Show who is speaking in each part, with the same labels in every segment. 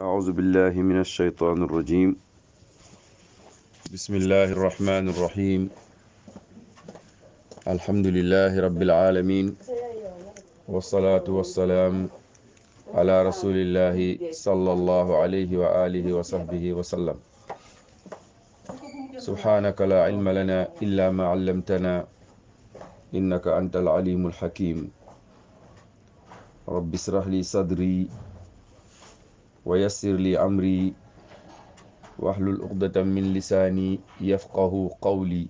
Speaker 1: أعوذ بالله من الشيطان الرجيم بسم الله الرحمن الرحيم الحمد لله رب العالمين والصلاة والسلام على رسول الله صلى الله عليه وآله وصحبه وسلم سبحانك لا علم لنا إلا ما علمتنا إنك أنت العليم الحكيم رب اشرح لي صدري wa yassir li amri waxlul uqdatan min lisaani yafqahu qawli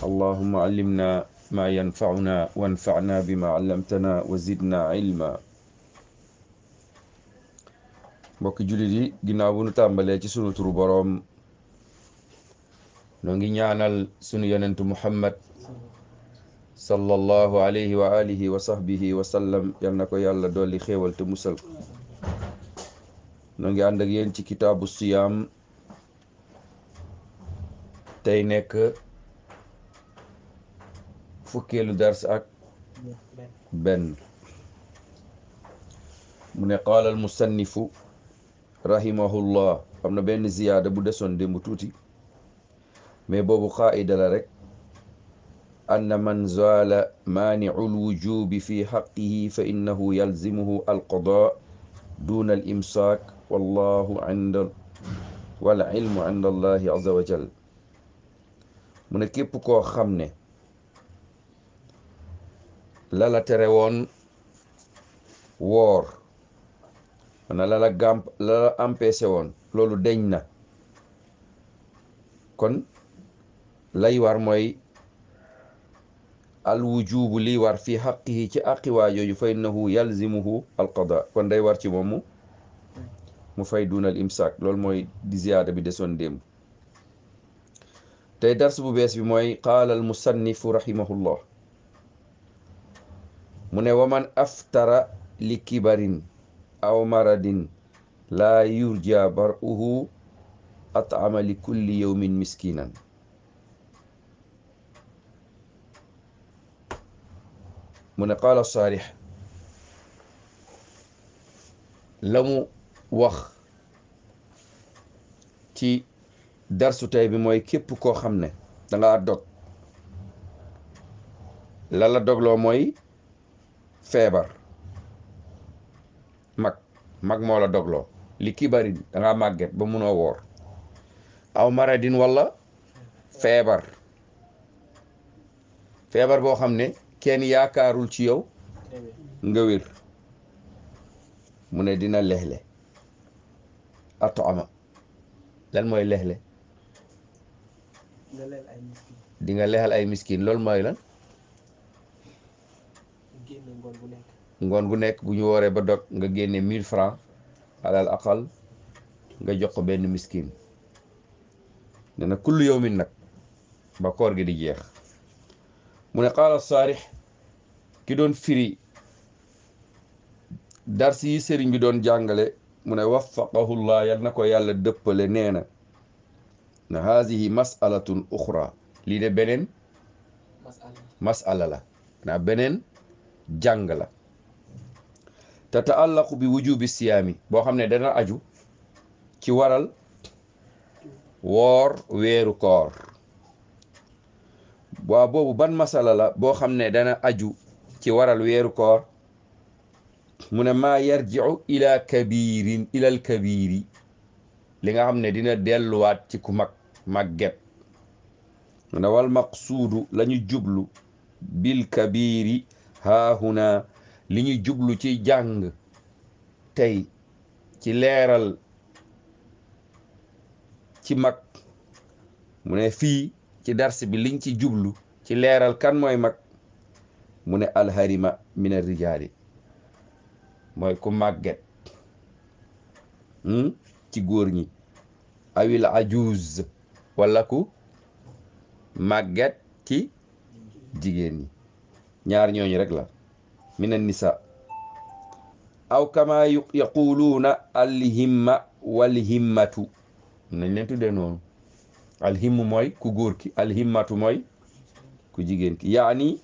Speaker 1: allahuma allimna maa yanfacuna wanfacna bima allamtana wa zidna ilma mbokki jullit yi ginnaaw bu nu tàmbalee ci sunu turu boroom noo ngi ñaanal sunu yonentu muhammad sallallahu alayhi wa alihi wa sahbihi wa sallam yal na ko yàlla dolli xéewal te musal noo ngi ànd ak yéen ci kitaabu siyaam tey nekk fukkeelu dars ak benn mu ne qaala al musannifu rahimahullah am na benn ziyaada bu desoon démb tuuti mais boobu xaayida la rek anna man zaala maanicu lwujubi fi xaqihi fa innahu yalzimuhu alqada duna al imsaak wallahu inda wal ilmu inda allahi azza wa jal mu ne képp koo xam ne lala tere woon woor mana lala gàmp lala empêché woon loolu deñ na kon lay war mooy alwujubu lii war fii xaqihi ci aqi waa jooju fa innahu yalzimuhu alqada kon day war ci moom mu fay duunal imsaak loolu mooy di ziyaada bi desoon démb tey dars bu bees bi mooy qaala al musannifu rahimahullah mu ne waman aftara li kibarin aw maradin laa yurja bar'uhu at'ama li kulli yawmin miskinan mu ne qaala saalix la mu wax ci darsu bi mooy képp koo xam ne dangaa dog la la dogloo mooy feebar mag mag moo la dogloo li kibarin dangaa màgget ba munoo woor aw maradin walla feebar feebar boo xam ne kenn yaakaarul ci yow nga wér mu ne dina leexle ato ama lan mooy lexle di nga leexal ay miskin lool mooy la ngoon gu nekk bu ñu wooree ba dog nga génne mille francs alal aqal nga jox ko benn miskin ne na kullu yawmin nag ba koor gi di jeex mu ne qaala saarix ki doon firi darsi yi sëriñ bi doon jàngale mu ne waffaqahu llah yal na ko yàlla dëppale nee na ne haasihi masalatun lii de beneen masala la beneen jàng la tataallaqu bi wujubi siyaami boo xam ne dana aju ci waral woor weeru koor waaw boobu ban masala la boo xam ne dana aju ci waral weeru koor mu ne maa yarjiu ila kabirin ilal kabiri li nga xam ne dina delluwaat ci ku mag màgget mu ne wal maqsuudu la ñu jublu bil kabiri haahuna li ñu jublu ci jàng tey ci leeral ci mag mu ne fii ci dars bi liñ ci jublu ci leeral kan mooy mag mu ne alharima min arrijaali mooy ku màgget hmm, ci góor ñi awil ajuz walla ku màgget ci jigéen ñi ñaar ñooñu rek la min aw kama yaquluuna alhimma walhimmatu noonu alhimmu mooy ku góor ki alhimmatu mooy ku jigéen ki yaani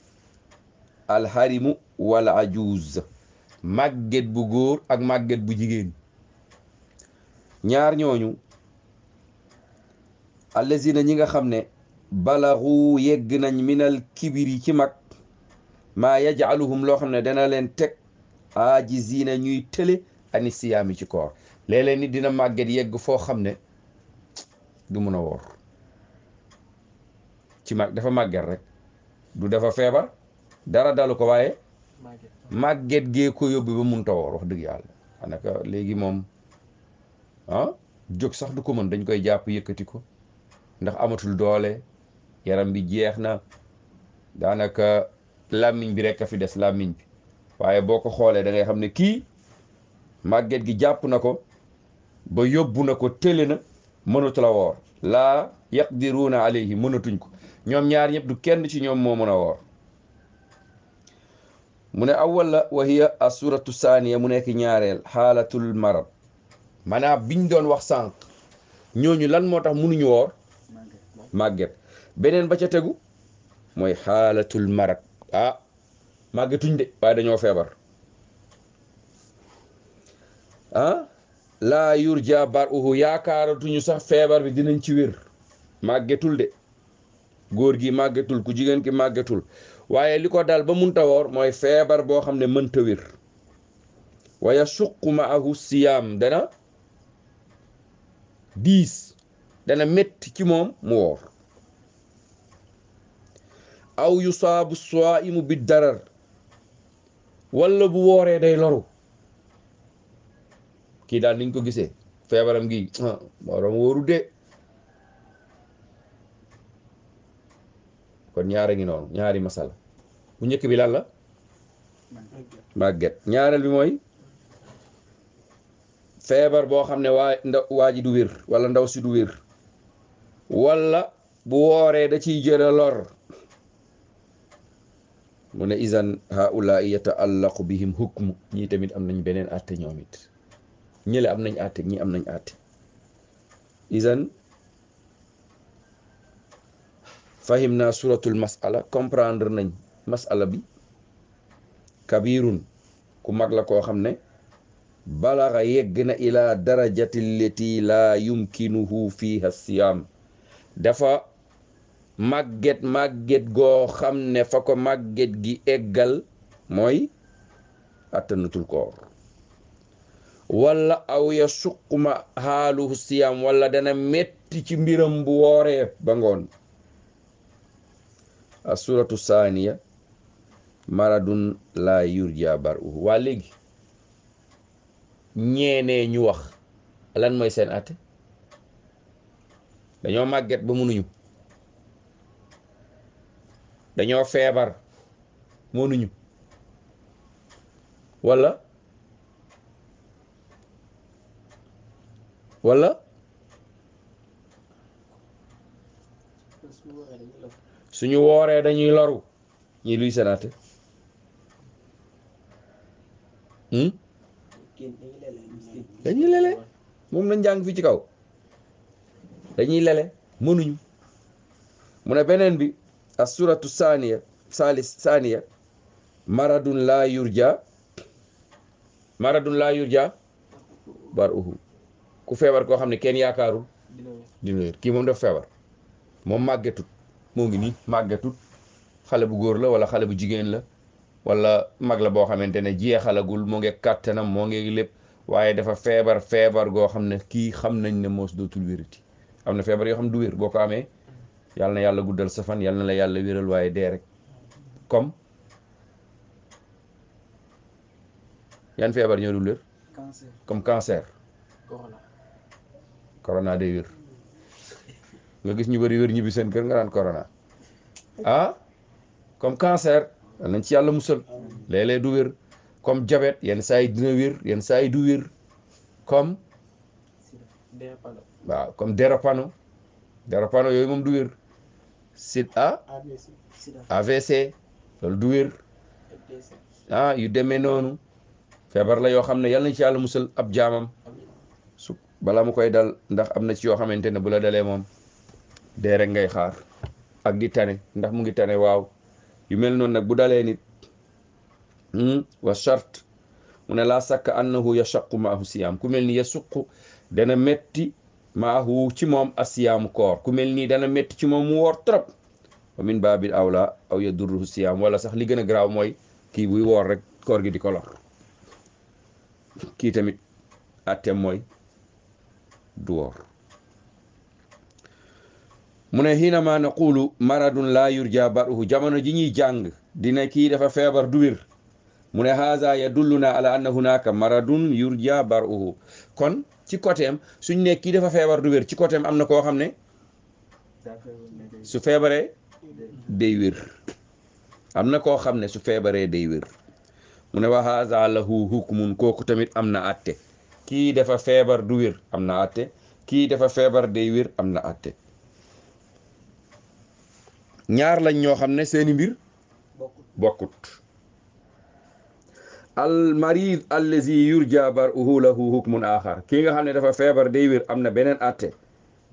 Speaker 1: alharimu wal ajuz màgget bu góor ak màgget bu jigéen ñaar ñooñu allazina ñi nga xam ne balaxu yegg nañ minal kibiri ci mag maa yajaluhum loo xam ne dana leen teg ajizina ñuy tële ani siyaami ci koor léeg-léeg dina màgget yegg foo xam ne du mun a wor ci mag dafa màgget rek du dafa feebar dara dalu ko waaye màgget gee ko yóbbu ba mun tawoor wax dëgg yàlla xanaka léegi moom ah, jóg sax du ko mën dañ koy jàpp yëkkati ko ndax amatul doole yaram bi jeex na daanaka làmmiñ bi rek a fi des làmmiñ bi waaye boo ko xoolee dangay xam ne kii màgget gi jàpp na ko ba yóbbu na ko tële na mënatu la woor laa yaqdiruuna alayhi mënatuñ ko ñoom ñaar ñëpp du kenn ci ñoom moo mën a woor mu ne awala la wa hiya assuratu saaniya mu nekk ñaareel xaalatul marad maanaam biñ doon wax sànq ñooñu lan moo tax mënuñu woor màgget beneen ba ca tegu mooy xaalatul marad ah màggetuñ de waaye dañoo feebar ah laa yurja bar uhu yaakaaratuñu sax feebar bi dinañ ci wér màggetul de góor gi màggetul ku jigéen ki màggetul waaye li ko daal ba munta woor mooy feebar boo xam ne mënta wér waaye suqu ma ahu siyaam dana diis dana metti ci moom mu woor aw yusaabu soimu bi darar walla bu wooree day loru kii daal niñ ko gisee feebaram gi morom ah, wóoru de kon ñaar a ngi noonu ñaari masala bu njëkk bi lan la màgget ñaareel bi mooy feebar boo xam ne waa ndaw du wér wala ndaw si du wér wala bu wooree da ciy jële lor mu ne isan haulaai yataallaqu bihim hukmu ñii tamit am nañ beneen àtte ñoom it ñële am nañ àtte ñii am nañ àtte fahim na suratul masala comprendre nañ masala bi kabirun ku mag la koo xam ne balaxa yegg na ilaa darajati lati laa yumkinuhu fiha dafa màgget màgget goo xam ne fa ko màgget gi eggal mooy àttanatul koor wala aw ya suquma xaaluhu siyaam wala dana metti ci mbiram bu wooree ba ngoon assuratu saaniya maradun la yurja baruhu waa léegi ñeenee ñu wax lan mooy seen àtte dañoo màgget ba mënuñu dañoo feebar mënuñu walla walla suñu wooree dañuy loru ñii luy seen àtte hmm? dañuy lele moom lañ jàng fii ci kaw dañuy lele mënuñu mu ne beneen bi as suratu saaniya salis saaniya maradun laa yurja maradun laa yurja bar uhu ku feebar koo xam ne kenn yaakaaru dina wér kii moom def feebar moom màggetut moo ngi nii màggatut xale bu góor la wala xale bu jigéen la wala mag la boo xamante ne jeexalagul moo ngi kàttanam moo ngi lépp waaye dafa feebar feebar goo xam ne kii xam nañ ne moos dootul wérati am na feebar yoo xam ne du wér boo ko amee yàlla na yàlla guddal sa fan yàlla na la yàlla wéral waaye dee rek comme feebar ñoo cancer corona day wér nga gis ñu bëri wér ñibbi seen kër nga naan corona ah comme cancer nañ ci yàlla musal léeg-léeg du wér comme diabète yenn saa dina wér yenn saa du wér comme waaw comme dérapano dérapano yooyu moom du wér sida ah? AVC loolu du wér ah yu demee noonu feebar la yoo xam ne yàlla na ci yàlla musal ab jaamam su balaa mu koy dal ndax am na ci yoo xamante ne bu la dalee moom dee ngay xaar ak di tane ndax mu ngi tane waaw yu mel noon nag bu dalee nit hmm, wa chart mu ne laa sàkk annahu yashaqu maahu siyaam ku mel ni yasuqu dana metti maahu ci moom asiyaamu koor ku mel nii dana metti ci moom mu woor trop wa min baabil awla aw yadurruhu siyaam wala sax li gën a garaaw mooy kii buy woor rek koor gi di ko lor kii tamit atteem mooy du woor mu ne xiinama naqulu maradun la yurja baruhu jamono ji ñuy jàng dina kii dafa feebar du wér mu ne haza yadulluna ala anna hunaka maradun yurja baruhu kon ci côté suñ ne kii dafa feebar du wér ci côté am na koo xam ne su feebaree day wér am na koo xam ne su feebaree day wér mu ne wa kooku tamit am na atte kii defa feebar du wér am na kii dafa feebar day wér am na atte ñaar lañ ñoo xam ne seeni mbir bokkut al marid allazi yurja bar'uhu lahu hukmun axar kii nga xam ne dafa feebar day wér am na beneen ate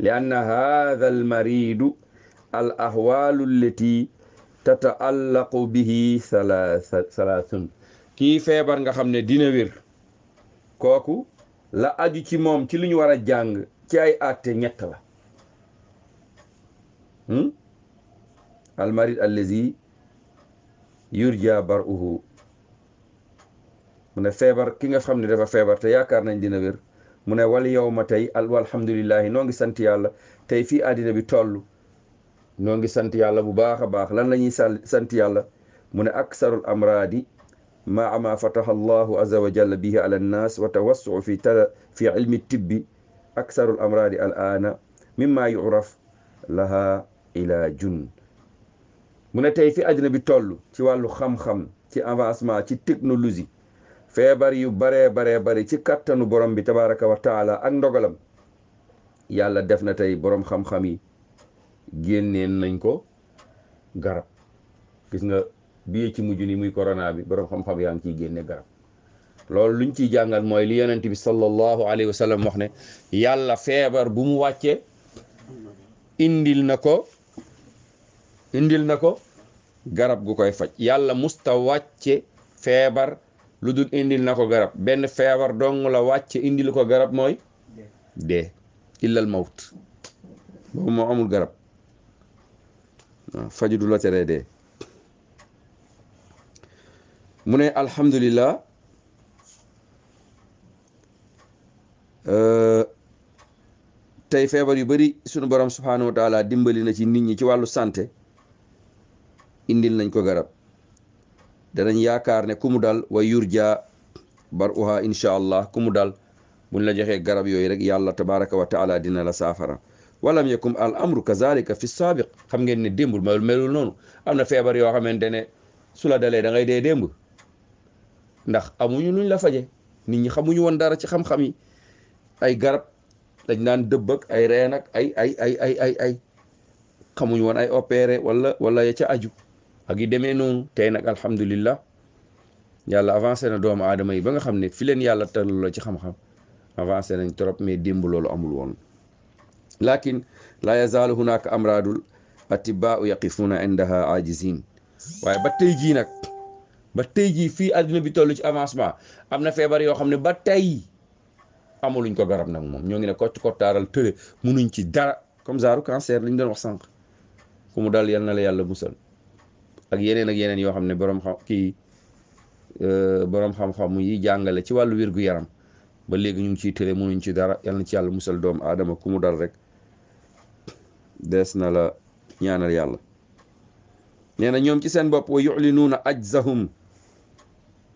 Speaker 1: li anna hadha al maridu al ahwalu allati bihi kii feebar nga xam ne dina wér kooku la aju ci moom ci lu ñu war a jàng ci ay atte ñett la hmm? almarid allazi yurja baruhu mu ne feebar ki nga xam ne dafa feebar te yaakaar nañ dina wér mu ne wal yow ma tey alhamdulilahi noo ngi sant yàlla tey fii àddina bi toll noo ngi sant yàlla bu baax a baax lan la ñuy sant yàlla mu ne aksarul amraadi maa ma fataha allahu aza wa jalla bihi ala nnaas wa tawassuu fi tala fi ilmi tibbi aksarul amraadi al aana mimma yuraf laha ilaajun mu ne tey fi àddina bi toll ci wàllu xam-xam ci avancement ci technologie feebar yu baree baree bari ci kàttanu borom bi tabaraka wa ak ndogalam yàlla def na tey borom xam-xam yi génnee nañ ko garab gis nga bi ci mujj ni muy corona bi borom xam-xam yaa ngi ciy génne garab loolu luñ ciy jàngat mooy li yonent bi sallallahu alayhi wa sallam wax ne yàlla feebar bu mu wàccee indil na ko indil na ko garab gu koy faj yàlla musta wàcce feebar lu dul indil na ko garab benn feebar dong la indil ko garab mooy dee illal mawt boobu moo amul garab ah, faju du la dee mu ne alhamdulillah euh, tey feebar yu bari sunu borom subhanahu wa taala dimbali na ci nit ñi ci wàllu sante indil nañ ko garab danañ yaakaar ne ku mu dal wa yurja bar uha incha allah ku mu dal buñ la joxee garab yooyu rek yàlla tabaraka wa taala dina la saafara walam yakum al amru kazalika fi saabiq xam ngeen ne démbul mayul melul noonu am na feebar yoo xamante ne su la dalee dangay dee démb ndax amuñu luñ la faje nit ñi xamuñu woon dara ci xam-xam yi ay garab dañ naan dëbb ay reen ak ay ay ay ay ay ay xamuñu woon ay opéré wala wala ca aju ak yu demee noonu tey nag alhamdulillah yàlla avancé na doomu aadama yi ba nga xam ne fi leen yàlla tëral la ci xam-xam avancé nañ trop mais démb loolu amul woon lakin laa yazaalu hunaaka amraadul atibaau yaqifuuna indaha ajizin waaye ba tey jii nag ba tey jii fii àdduna bi toll ci avancement am na feebar yoo xam ne ba tey amuluñ ko garab nag moom ñoo ngi ne kocc kottaaral tële munuñ ci dara comme genre cancer lañ doon wax sànq ku mu dal yal na la yàlla musal ak yeneen ak yeneen yoo xam ne borom xam kii euh, borom xam-xam yi jàngale ci wàllu wirgu yaram ba léegi ñu ngi ciy tëre mënuñ ci dara yal na ci yàlla musal doomu aadama ku mu dal rek dees na la ñaanal yàlla nee ñoom ci seen bopp wa yulinuuna ajzahum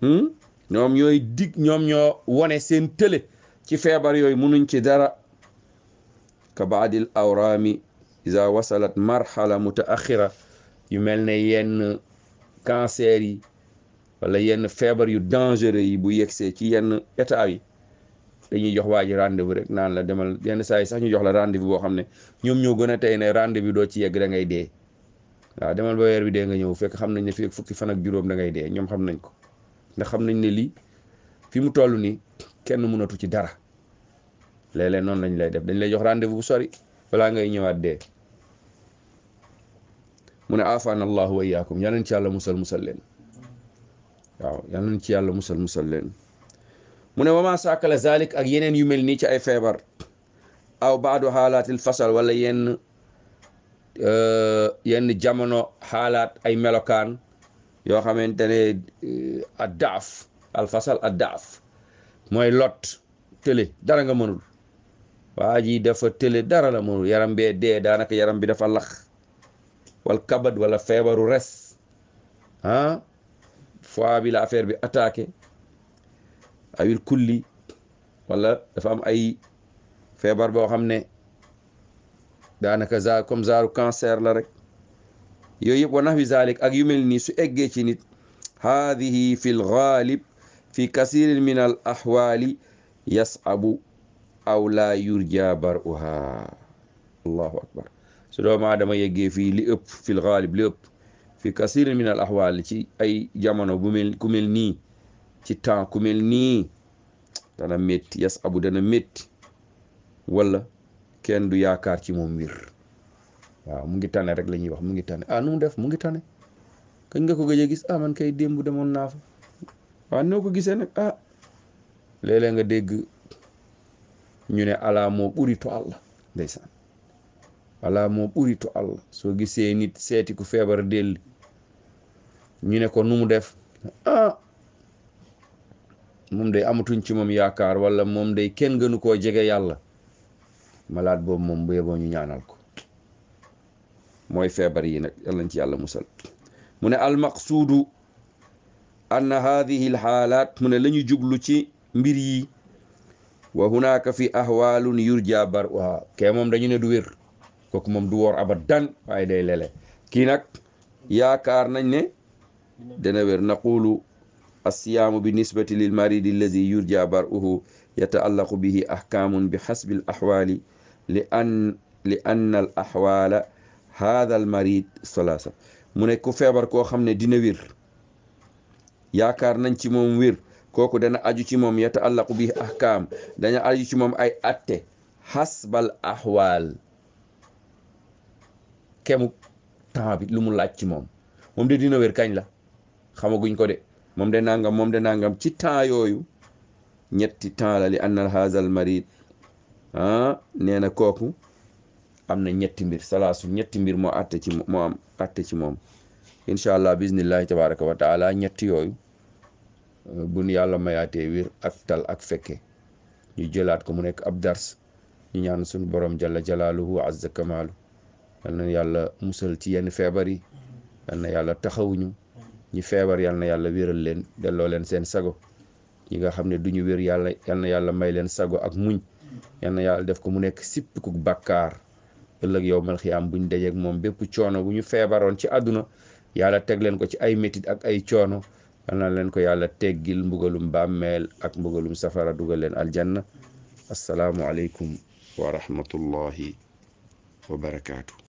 Speaker 1: hmm? ñoom ñooy dig ñoom ñoo wone seen tële ci feebar yooyu munuñ ci dara ka baadil awraami iza wasalat marhala mutaaxira yu mel ne yenn cancer yi wala yenn feebar yu dangereux yi bu yegsee ci yenn état yi dañuy jox waa ji rendez-vous rek naan la demal yenn saa yi sax ñu jox la rendez-vous boo xam ne ñoom ñoo gën a tey ne rendez-vous doo ci yegg da ngay dee waaw demal ba weer bi dee nga ñëw fekk xam nañ ne fii fukki fan ak juróom da dee ñoom xam nañ ko ndax xam nañ ne lii fi mu toll nii kenn mënatu ci dara léeg-léeg noonu lañ lay def dañ lay jox rendez-vous bu sori balaa ngay ñëwaat dee. mu ne aafaan allahu wa iyaakum yal nañ ci yàlla musal musal leen waaw musal musal leen mu ne wama saakala zalik ak yeneen yu mel nii ci ay feebar aw baadu xaalaatil fasal wala yenn eh, yenn jamono xaalaat ay melokaan yoo xamante ne eh, ad daaf alfasal ad daaf mooy lot tële dara nga mënul waa ji dafa tële dara la mënul yaram bee dee daanaka yaram bi dafa lax wal kabad wala feebaru res ah foie bi la affaire bi attaqué awil kulli wala dafa am ay feebar boo xam ne daanaka za comme zaaru cancer la rek yooyu yëpp wa nahwi zalik ak yu mel nii su eggee ci nit haadihi fi l gaalib fi kasirin min al axwaali yasabu aw laa yurja baruha allahu akbar su doomu aadama yeggee fii li ëpp fil xaalib li ëpp fi kasirin min al ci ay jamono bu mel nii ci temps ku mel nii dana métti yas abu dana kenn du yaakaar ci moom wir waaw mu ngi tane rek lañuy wax mu ngi tane ah nu def mu ngi tane kañ nga ko gëj a gis ah kay démb demoon naa fa waaw ko gisee nag ah léeg nga dégg ñu ne alaa moo to Allah wala moo ɓuritu allah soo gisee nit seeti ku feebar delli ñu ne ko nu mu def ah moom day amatuñ ci moom yaakaar wala moom day kenn gënu koo jege yàlla malaat boobu moom bu yeboo ñu ñaanal ko mooy feebar yi nag yàlla nañ ci yàlla musal mu ne almaqsuudu ann haadihi alxaalaat mu ne la ñu jublu ci mbir yi wa hunaaka fi ahwaalun yurja baruha kee moom dañu ne du wér kooku moom du woor abadan waaye day lele kii nag yaakaar nañ ne dana wér naqulu assiyaamu bi nisbati lil maridi allazi yurja bar'uhu yataallaqu bihi ahkamun bi xasbi al axwaali li an li anna marid mu ne ku feebar koo xam ne dina wér yaakaar nañ ci moom wér kooku dana aju ci moom yataallaqu bihi ahkaam dana aju ci moom ay atte xasbal axwaal kemu temps bi lu mu laaj ci moom moom de dina wér kañ la xamaguñ ko de moom de nangam moom de nangam ci temps yooyu ñetti temps la li annal haazal marid ah nee na kooku am na ñetti mbir salaasu ñetti mbir moo àtte ci moom incha allah bismillahi tabaraka wa ñetti yooyu euh, buñ yàlla mayaatee wér ak tal ak fekke ñu jëlaat ko mu nekk ab dars ñu ñaan suñu borom jalla jalaaluhu azza kamaalu yal na yàlla musal ci yenn feebar yi yal na yàlla taxawuñu ñi feebar yal na yàlla wéral leen delloo leen seen sago ñi nga xam ne du ñu wér yàlla yal yàlla may leen sago ak muñ yal yàlla def ko mu nekk sippiku bàkkaar ëllëg yow mal xiyaam bu ñu dajeeg moom bépp coono bu ñu feebaroon ci àdduna yàlla teg leen ko ci ay métit ak ay coono yal na leen ko yàlla teggil mbugalum bàmmeel ak mbugalum safara dugal leen aljanna asalaamualeykum wa rahmatullahi wa barakaatu.